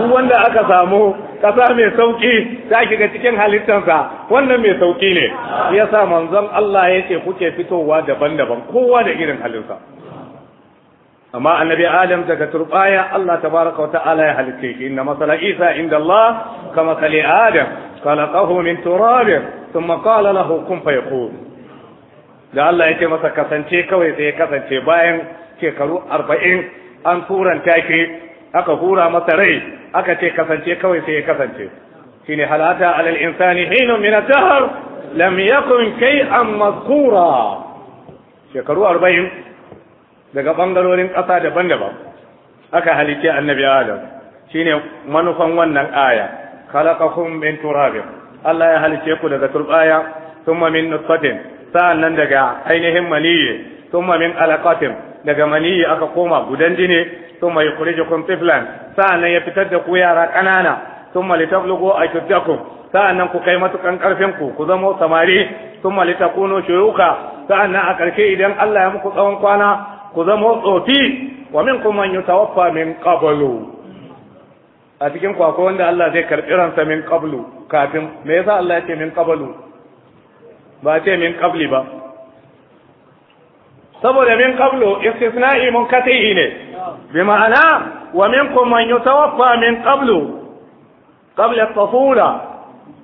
duk wanda aka samu kasa mai sauki ta shiga cikin halittansa wannan mai sauki ne yasa manzon Allah ce kuke fitowa daban-daban kowa da irin halinsa amma annabi adam daga turbaya Allah tabaraka wata'ala ya halitta shi inna masala isa inda Allah kama kali adam khalaqahu min turab thumma qala lahu kun fayakun da Allah ya ce masa kasance kawai sai ya kasance bayan shekaru arba'in an turanta ki aka hura masa rai aka ce kasance kawai sai ya kasance shine halata alal insani hinun min ad lam yakun an mazkura shekaru arba'in daga bangarorin ƙasa daban-daban aka halice annabi adam shine manufan wannan aya khalaqakum min turabin Allah ya halice ku daga turbaya thumma min nutfatin sa'annan daga ainihin maniyyi thumma min alaqatin daga maniyyi aka koma gudan jini thumma yukhrijukum tiflan nan ya fitar da ku yara ƙanana, sun kanana a litablugu sa'an nan ku kai matukan ƙarfinku, ku ku zama samari thumma litakunu sa'an nan a karshe idan Allah ya muku tsawon kwana ku zama tsofi wa min minkum yi yutawaffa min qablu a cikin ku akwai wanda Allah zai karɓi ransa min qablu kafin me yasa Allah ya ce min qablu ba ce min qabli ba saboda min qablu istisna'i munkati'i ne بمعنى ومنكم من يتوفى من قبل قبل الطفولة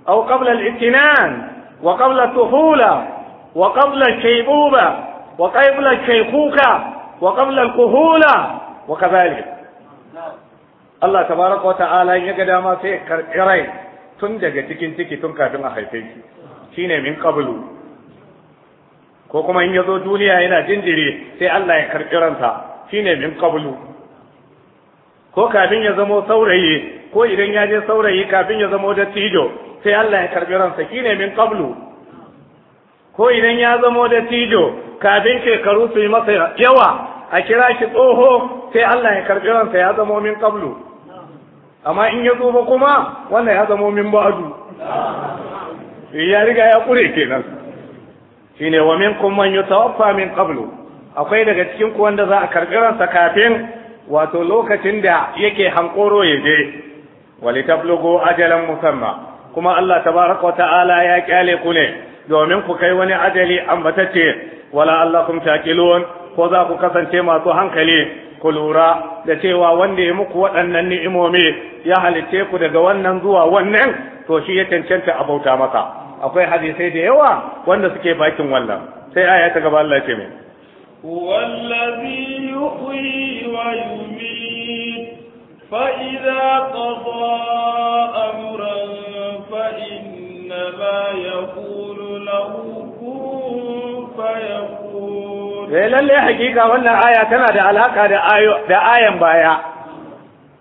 أو قبل الاتنان وقبل الطفولة وقبل الشيبوبة وقبل الشيخوخة وقبل الكهولة وكذلك الله تبارك وتعالى يجد ما في كرعي تنجد تكين تكي تنكا تنكا حيثي شين من قبل ko kuma in yazo duniya yana jinjiri sai Allah ya shine min qablu ko kafin ya zamo saurayi ko idan ya je saurayi kafin ya zamo dattijo sai Allah ya karbi ransa shine min qablu ko idan ya zamo dattijo kafin shekaru su yi masa yawa a kira shi tsoho sai Allah ya karbi ransa ya zamo min qablu amma in ya ba kuma wannan ya zamo min ba'du ya riga ya kure kenan shine wa minkum man yatawaffa min qablu akwai daga cikin ku wanda za a karɓi ransa kafin wato lokacin da yake hankoro ya je tablugo ajalan musamma kuma Allah tabaraka ta'ala ya kyale ku ne domin ku kai wani ajali ambatacce wala allakum taqilun ko za ku kasance masu hankali ku lura da cewa wanda ya muku waɗannan ni'imomi ya halitte ku daga wannan zuwa wannan to shi ya cancanta a bauta masa akwai hadisai da yawa wanda suke bakin wannan sai aya ta gaba Allah ya ce mai هو الذي يحيي ويميت فإذا قضى أمرا فإنما يقول له كن فيكون لله حقيقة وأن آية تنا da alaka da ayo da ayan baya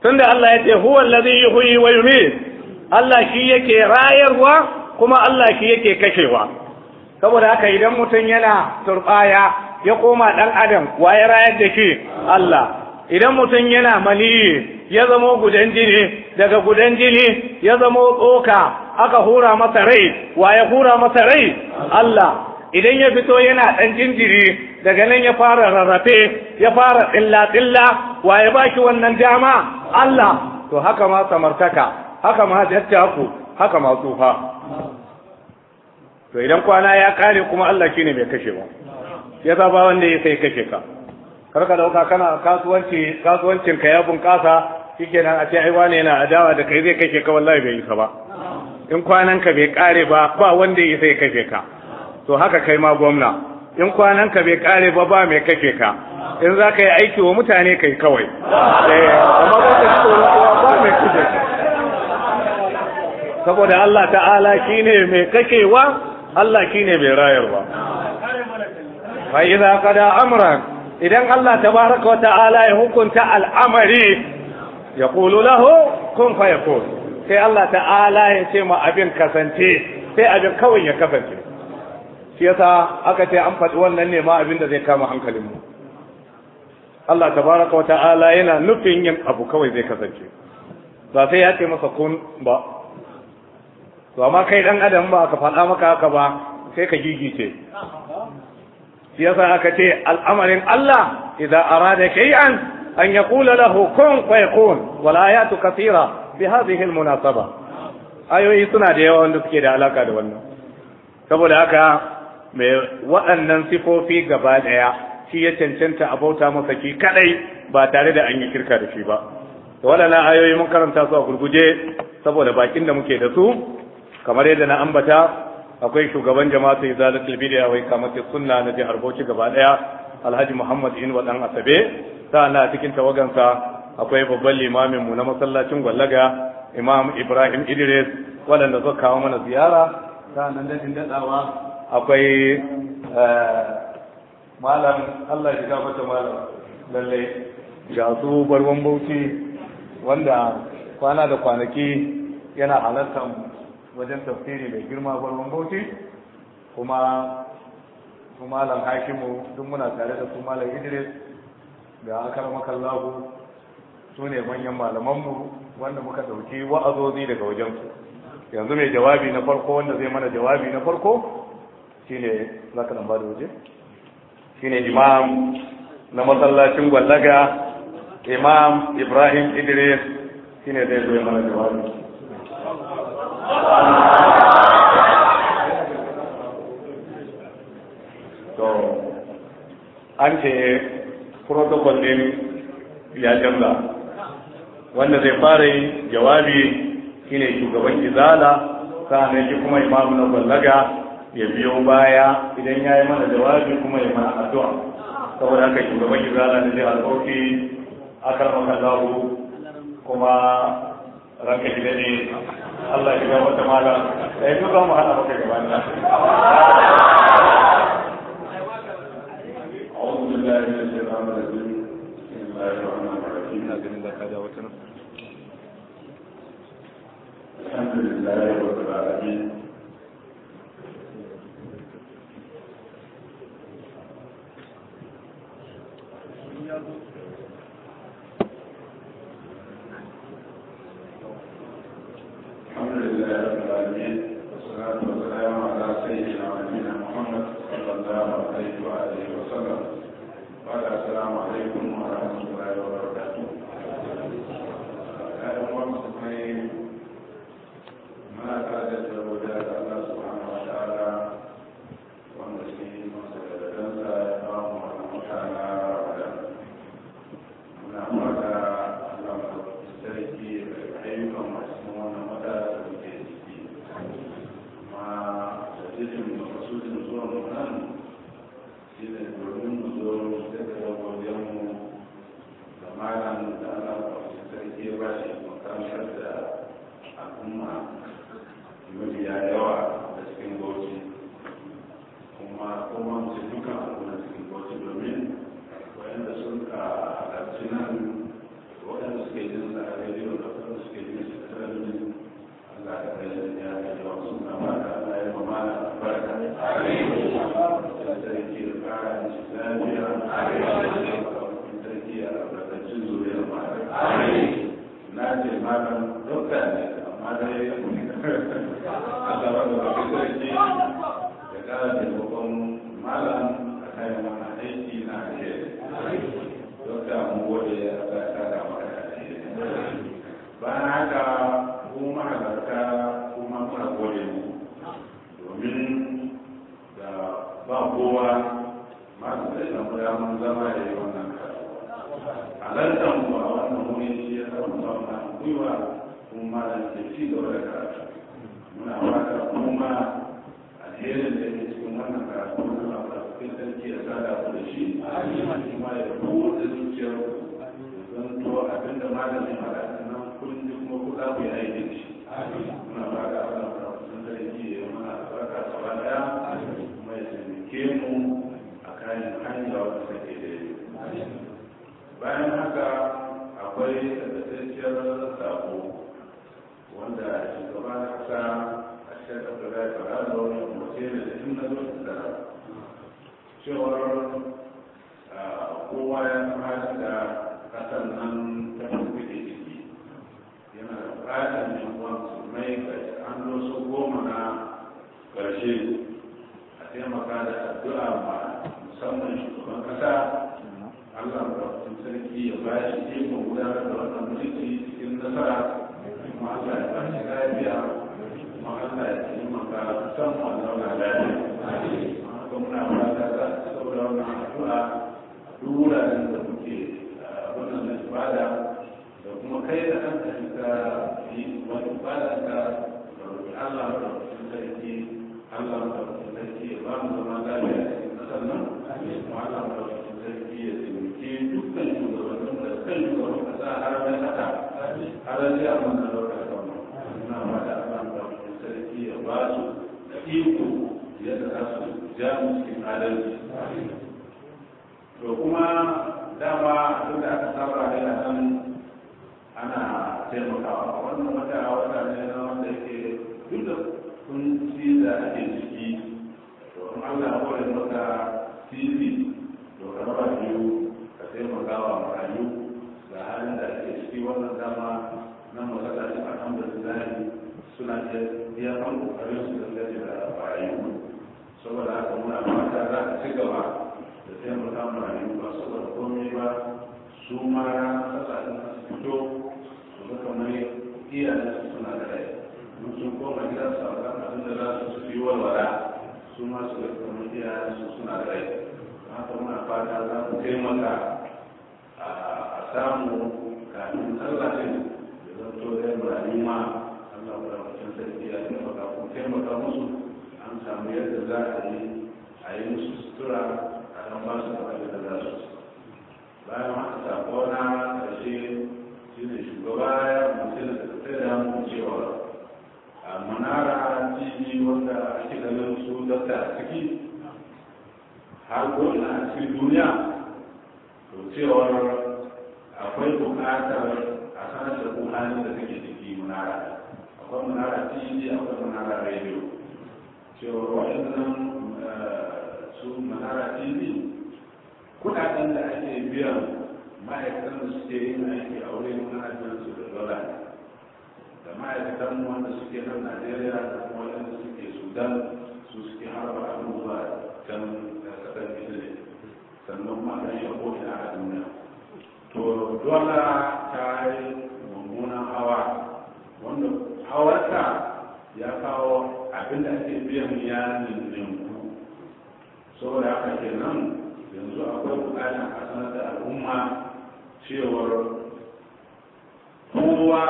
tunda Allah ce huwa alladhi yuhyi wa yumiit Allah shi yake rayarwa kuma Allah shi yake kashewa saboda haka idan mutum yana turbaya ya koma ɗan adam wa ya rayar da ke Allah idan mutum yana maniyi ya zamo gudan jini daga gudan jini ya zamo tsoka aka hura masa rai wa ya hura masa rai Allah idan ya fito yana ɗan jinjiri daga nan ya fara rarrafe ya fara tsilla-tsilla wa ya ba shi wannan dama Allah to haka ma samartaka haka ma dattaku haka ma tsufa to idan kwana ya kare kuma Allah ne mai kashe kashewa ya ba wanda ya sai kake ka karka dauka kana kasuwanci kasuwancin ka ya bunƙasa shikenan a ce ai wane yana adawa da kai zai kake ka wallahi bai isa ba in kwanan ka bai kare ba ba wanda ya sai kake ka to haka kai ma gwamna in kwanan ka bai kare ba ba mai kake ka in za ka yi aiki wa mutane kai kawai eh, amma ba ka tsoron ba mai kake ka saboda Allah ta'ala shine mai kakewa Allah shine mai rayarwa fa idza qada amran idan Allah tabaraka wa ta'ala ya hukunta al'amari yaqulu lahu kun fayakun sai Allah ta'ala ya ce ma abin kasance sai abin kawai ya kasance shi yasa aka ce an faɗi wannan ne ma abin da zai kama hankalinmu. Allah tabaraka wa ta'ala yana nufin yin abu kawai zai kasance ba sai ya ce masa kun ba to amma kai dan adam ba ka faɗa maka haka ba sai ka gigice shi yasa aka ce al'amarin Allah idan arada shay'an an yaqula lahu kun fayakun wal ayatu kathira bi hadhihi al munasaba ayoyi suna da yawa wanda suke da alaka da wannan saboda haka mai waɗannan sifofi gaba ɗaya shi ya cancanta a bauta masa ki kadai ba tare da an yi kirka da shi ba waɗannan ayoyi mun karanta su a gurguje saboda bakin da muke da su kamar yadda na ambata akwai shugaban jama'a jama'atu izalatul ya wai kamati sunna na jihar Bauchi gaba daya Alhaji Muhammad Inwa dan Asabe sa'an a cikin tawagansa akwai babban limamin mu na masallacin Gwallaga Imam Ibrahim Idris waɗanda suka kawo mana ziyara sa'an da dadawa akwai eh, malam Allah ya gafarta malam lalle ga barwan Bauchi wanda kwana da kwanaki yana mu wajen tafsiri mai girma gwarwan bauchi kuma su malam hakimu duk muna tare da su malam idris da akar makallahu su ne manyan malamanmu wanda muka ɗauki wa'azozi daga wajensu yanzu mai jawabi na farko wanda zai mana jawabi na farko shine zaka nan ba da waje shine imam na masallacin gwallaga imam ibrahim idris shine zai zo mana jawabi to an ce protocol ya canza wanda zai fara yin jawabi shine shugaban izala sa'annan shi kuma imamu na ballaga ya biyo baya idan ya yi mana jawabi kuma ya mana addu'a saboda haka shugaban izala na zai alƙauki akar makallawu kuma ranka gida ne Allah gida wata mala da eh, yi duka mahala maka gaba na Alhamdulillah, wa takaitaccen sako wanda shugaba na kasa a shekar abdullahi farado ya umarce da jikin na zuwa da cewar kowa ya halin da kasan nan ta kuma da ciki yana da bukatar yin wasu mai an doso goma na ƙarshe a taimaka da addu'a ma musamman shugaban kasa allah sarki ya ba shi ikon gudanar da wannan mulki cikin nasara kuma Allah ya ba lafiya kuma Allah ya taimaka musamman zauna lafiya kuma muna fata za su saura wannan addu'a duk wuraren da muke wannan ibada da kuma kai da an ka yi wani ibada ka da roƙi Allah da sarki Allah da sarki ya ba mu zama lafiya cikin ƙasar nan kuma Allah da sarki ya taimake dukkan shugabannin da kan shugaban kasa har na kasa har na sai amma na ɗaukar kama na mata amma da sarki ya ba su da iko yadda za su ja cikin adalci to kuma dama duk da aka saba da yana nan ana taimakawa wannan wata wata ne na wanda ke duk da kunci da ake ciki to Allah ya kore maka sirri to ka raba biyu ka taimaka wa marayu ga halin da ake ciki wannan dama nan na masallaci alhamdulillah suna iya kan kokarin su dangane da marayu saboda haka muna fata za a ci gaba da taimaka marayu ba saboda komai ba su ma mara sassaɗin fito su ga kamar iyayen suna da rai sun koma gida su a kan da za su fi warware su ma su ga kamar iyayen suna da rai haka muna fata za mu taimaka a samu kafin Allah ɗin da zan to zai murari ma Allah ku rahoton sarki ya taimaka ku taimaka musu an samu yadda za a yi a yi musu sutura a kan ba su kamar da za su bayan haka sako na ƙarshe shi ne shugaba ya mutu da tattare da hankali cewa a manara jiji wanda ake ganin su dakta ciki harkokin a cikin duniya to cewar akwai bukatar a sanar da kuhanin da suke ciki munara akwai munara tv akwai munara radio cewar waɗannan eh, su munara tv kudaden da ake biyan ma'aikatan da suke yin aiki a wurin ma'aikatan su da dola da ma'aikatan wanda suke nan najeriya da kuma wanda suke sudan su suke harba abubuwa can sannan kuma ta yi ko a duniya to dola ta yi mummunan hawa wanda hawarta ya kawo abin da ake biyan ya ninku saboda haka kenan yanzu akwai bukatar a sanar da al'umma cewar kowa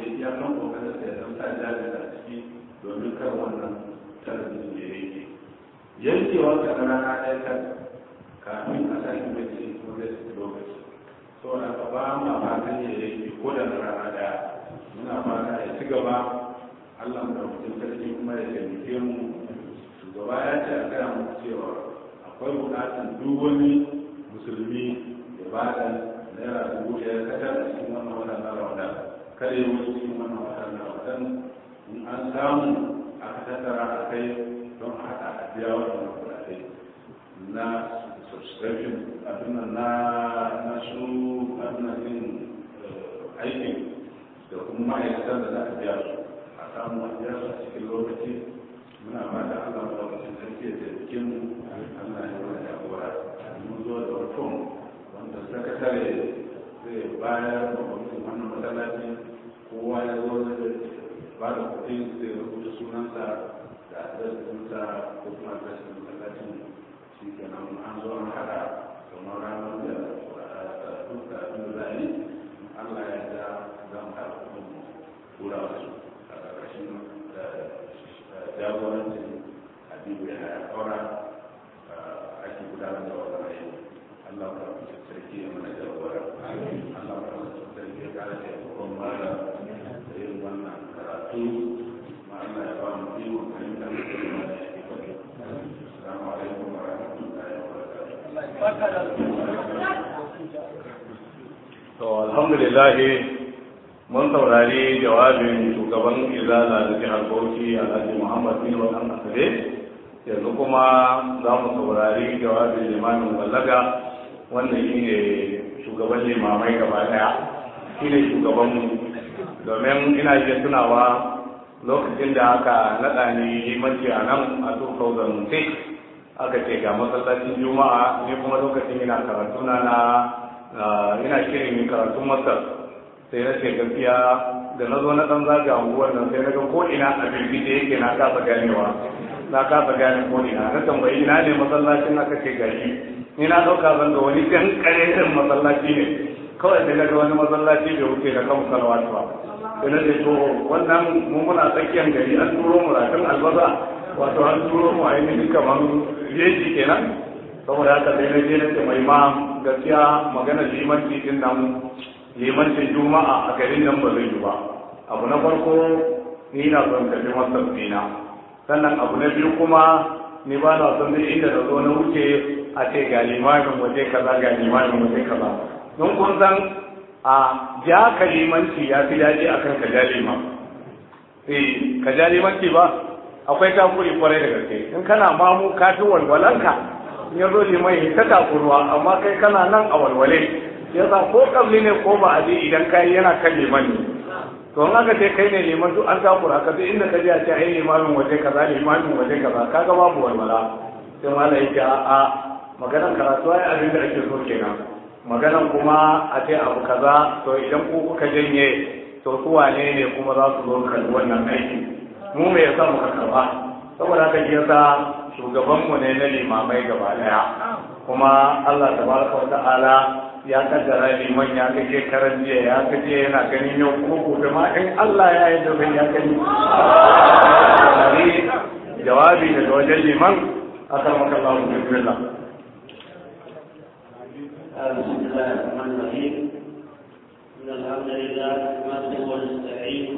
ya kan yakan kokarin da ya sa jami'a a ciki domin kar wannan tarbiyya yake yankewar da rana ɗaya kafin a sake bacci ko da lokaci saboda ka ba ma fatan ya yi ko da rana daya muna fata ya ci gaba Allah mu ɗauki sarki kuma ya taimake mu shugaba ya ce a gaya mu cewa akwai buƙatar duk wani musulmi ya ba da naira dubu ɗaya kacar a cikin wannan watan na ramadan kada ya wuce cikin wannan watan na ramadan in an samu aka tattara a kai don a haɗa a biya wannan kuɗaɗe na subscription abin nan na na su abin nan eh, aikin da kuma ma'aikatan da za a biya su a samu a biya su a cikin lokaci muna ba da Allah ba lokacin sarki da cikin Allah ya wani jagora da wanda sakatare zai bayar da gwamnatin wannan matsalaci kowa ya zo da ba da kuɗi zai rubuta sunansa da adiresinsa ko kuma shi ke nan allah ya a da wannan aiki allah ka sarki ya mana jagora allah ka sarki ya ƙara taimakon mara to alhamdulillah mun saurari jawabin shugaban izala na jihar bauchi alhaji muhammad bin wannan asabe, yanzu kuma za mu saurari jawabin limamin ballaga wannan shine shugaban limamai gaba daya shine shugaban mu domin ina iya tunawa lokacin da aka naɗa ni limanci a nan a 2006 aka ce ga masallacin juma'a ne kuma lokacin ina karatu na na ina shirin yin karatun masar sai na ce gaskiya da na zo na ɗan zaga unguwar nan sai na ga ko ina a da yake na kasa ganewa na kasa gane ko ina na tambayi ina ne masallacin aka ce gashi ni na ɗauka zan ga wani ɗan ƙarerin masallaci ne kawai sai na ga wani masallaci bai wuce da kan salawatu ba sai na ce to wannan mun muna tsakiyar gari an turo mu ratan albasa wato an turo mu ainihin kaman yeji kenan saboda haka sai na je na ce mai ma gaskiya magana limanci din nan limancin juma'a a garin nan ba zai yi ba abu na farko ni na son karbi masar dina sannan abu na biyu kuma ni ba na son duk inda na zo na wuce a ce ga limamin waje kaza ga limamin waje kaza don kun san a ja ka limanci ya fi daji akan ka ja liman eh, ka ja limanci ba akwai takuri kwarai da gaske in kana mamu ka fi walwalanka in ya zo liman ta takuruwa amma kai kana nan a walwale Ya yasa ko kabli ne ko ba aje idan kai yana kan liman ne to in aka ce kai ne liman duk an takura ka duk inda ka ji a ce ai limamin waje kaza limamin waje kaza ga babu walwala sai malai yake a a maganar karatu ai abin da ake so kenan maganar kuma a ce abu kaza to idan ku kuka janye to su wane ne kuma za su zo kan wannan aiki mu me yasa muka karba saboda haka yasa mu ne na limamai gaba daya kuma Allah tabaraka wa ta'ala ya kaddara liman ya ga shekaran jiya ya kace jiya yana ganin yau kuma gobe ma in Allah ya yi dogon ya gani jawabi da wajen liman akan makallah wa bismillah بسم الله الرحمن الحمد لله نحمده ونستعينه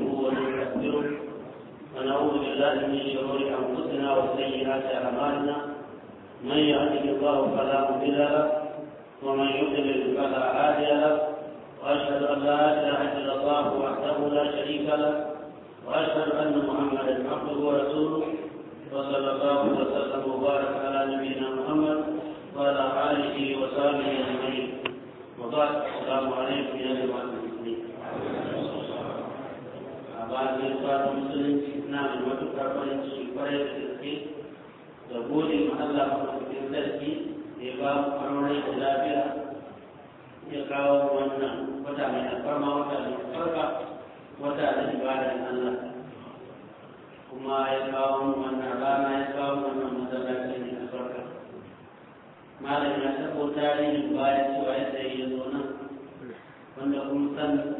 ونعوذ بالله من شرور انفسنا وسيئات اعمالنا من يهده الله فلا مضل له ومن يضلل فلا هادي له واشهد ان لا اله الا الله وحده لا شريك له واشهد ان محمدا عبده ورسوله وصلى الله وسلم وبارك على نبينا محمد وعلى اله وصحبه اجمعين وبعد السلام عليكم يا جماعه المسلمين wajen ta musulunci suna mai matuƙar farin ciki kwarai da gaske da gode ma Allah maɗaukakin sarki da ya ba mu kwarorai da lafiya ya kawo wannan wata mai alfarma wata mai alfarka wata da ibadan Allah kuma ya kawo mu wannan rana ya kawo mu wannan da masallaci da alfarka malam ya tabo tarihin ba cewa yadda ya zo nan wanda kuma san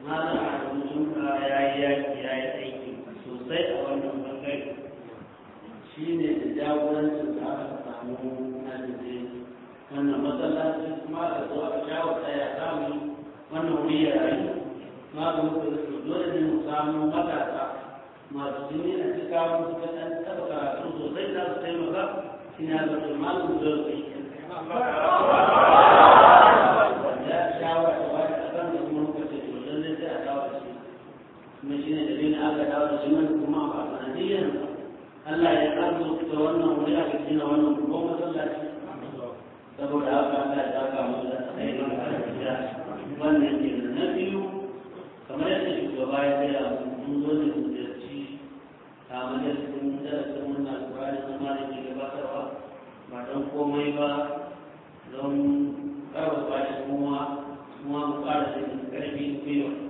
malam adamu jumka ya yi aiki sosai a wannan bangare shi ne da samu jirgin wannan kuma a shawo tsaya samu wannan wuri ya rayu Ba ga muku da su mu samu masu a karatu sosai su taimaka ina da su malam su yi kuma shi ne dalilin aka dawo da jiman kuma ba a sanadiyyar ba Allah ya karzo da wannan wuri aka gina wannan kuma masallaci saboda haka ta ya saka musu da tsayin da wannan ke na biyu kamar yadda shugaba ya gaya mun zo ne mu Ta ziyarci a majalisun darasin wannan kurani na malami gabatarwa ba don komai ba don karfafa shi kuma kuma mu fara da karfi gwiwa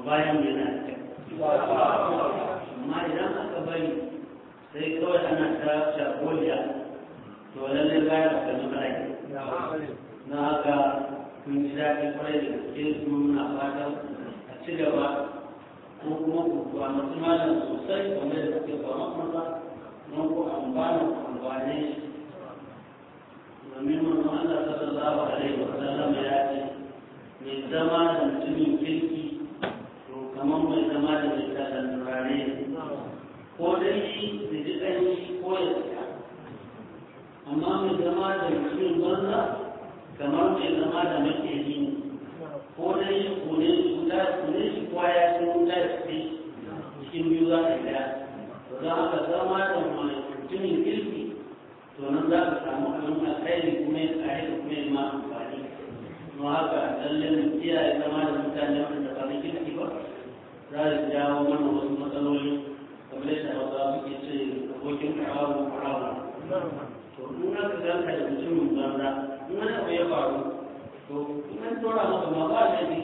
to bayan yana da amma idan aka bari sai kawai ana ta shagoliya to lallai na haka kun ji daɗi kwarai da gaske na fatan a ci gaba ko kuma ku masu malam sosai wanda da suke kuma ku amfana ku amfane shi domin Allah sallallahu alaihi wa sallam ya ce mai zama da mutumin kirki kamar mai zama da mai tsadan turare ko dai shi da ji ɗanshi ko ya tsaya amma mai zama da mutum banza kamar mai zama da makeri ko dai shi kone shi guda kone shi kwaya shi guda shi cikin biyu za ka ɗaya za ka zama da mutumin kirki to nan za ka samu abin alkhairi kuma ya tsare da kuma ya ma amfani don haka lallai mu kiyaye zama da mutane wanda ba kirki ba za ta jawo mana wasu matsaloli kamar yadda hausa suke ce abokin kawo kurawa to in ka ganka da mutumin banza in wani abu ya faru to in an tora maka ma ba da ne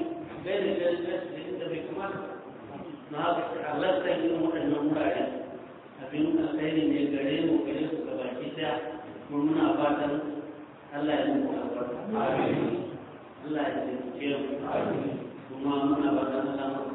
bai da gari da inda bai kamata na haka Allah ta yi waɗannan wurare abin alkhairi ne gare mu gare su ga baki daya mun muna fatan Allah ya yi mu albarka Allah ya yi mu kuma muna fatan Allah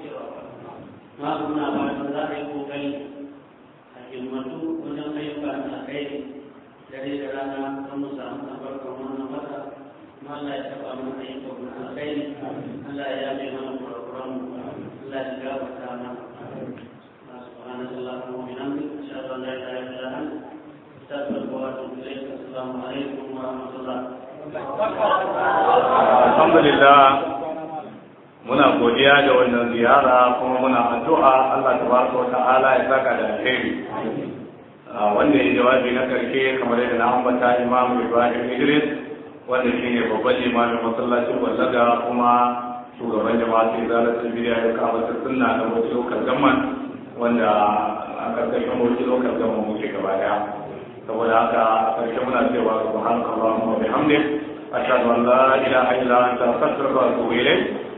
ma muna fatan za a yi kokari a himmatu wajen ayyuka na kai dare da rana don mu samu albarkar wannan wata Allah ya na kai Allah ya mana kurakuran Allah ya muna godiya da wannan ziyara kuma muna addu'a Allah ta tabaraka wata ala ya saka da alheri wanda ya jawabi na karshe kamar yadda na ambata Imam Ibrahim Idris wanda shine babban imamin masallacin wallaga kuma shugaban jama'a ta zalatul bidiya ya kama sunna na wajen lokacin gamman wanda a karkashin wajen lokacin gamman muke gaba daya saboda haka a karshe muna cewa subhanakallahumma wa bihamdik ashhadu an la ilaha illa anta astaghfiruka wa atubu ilayk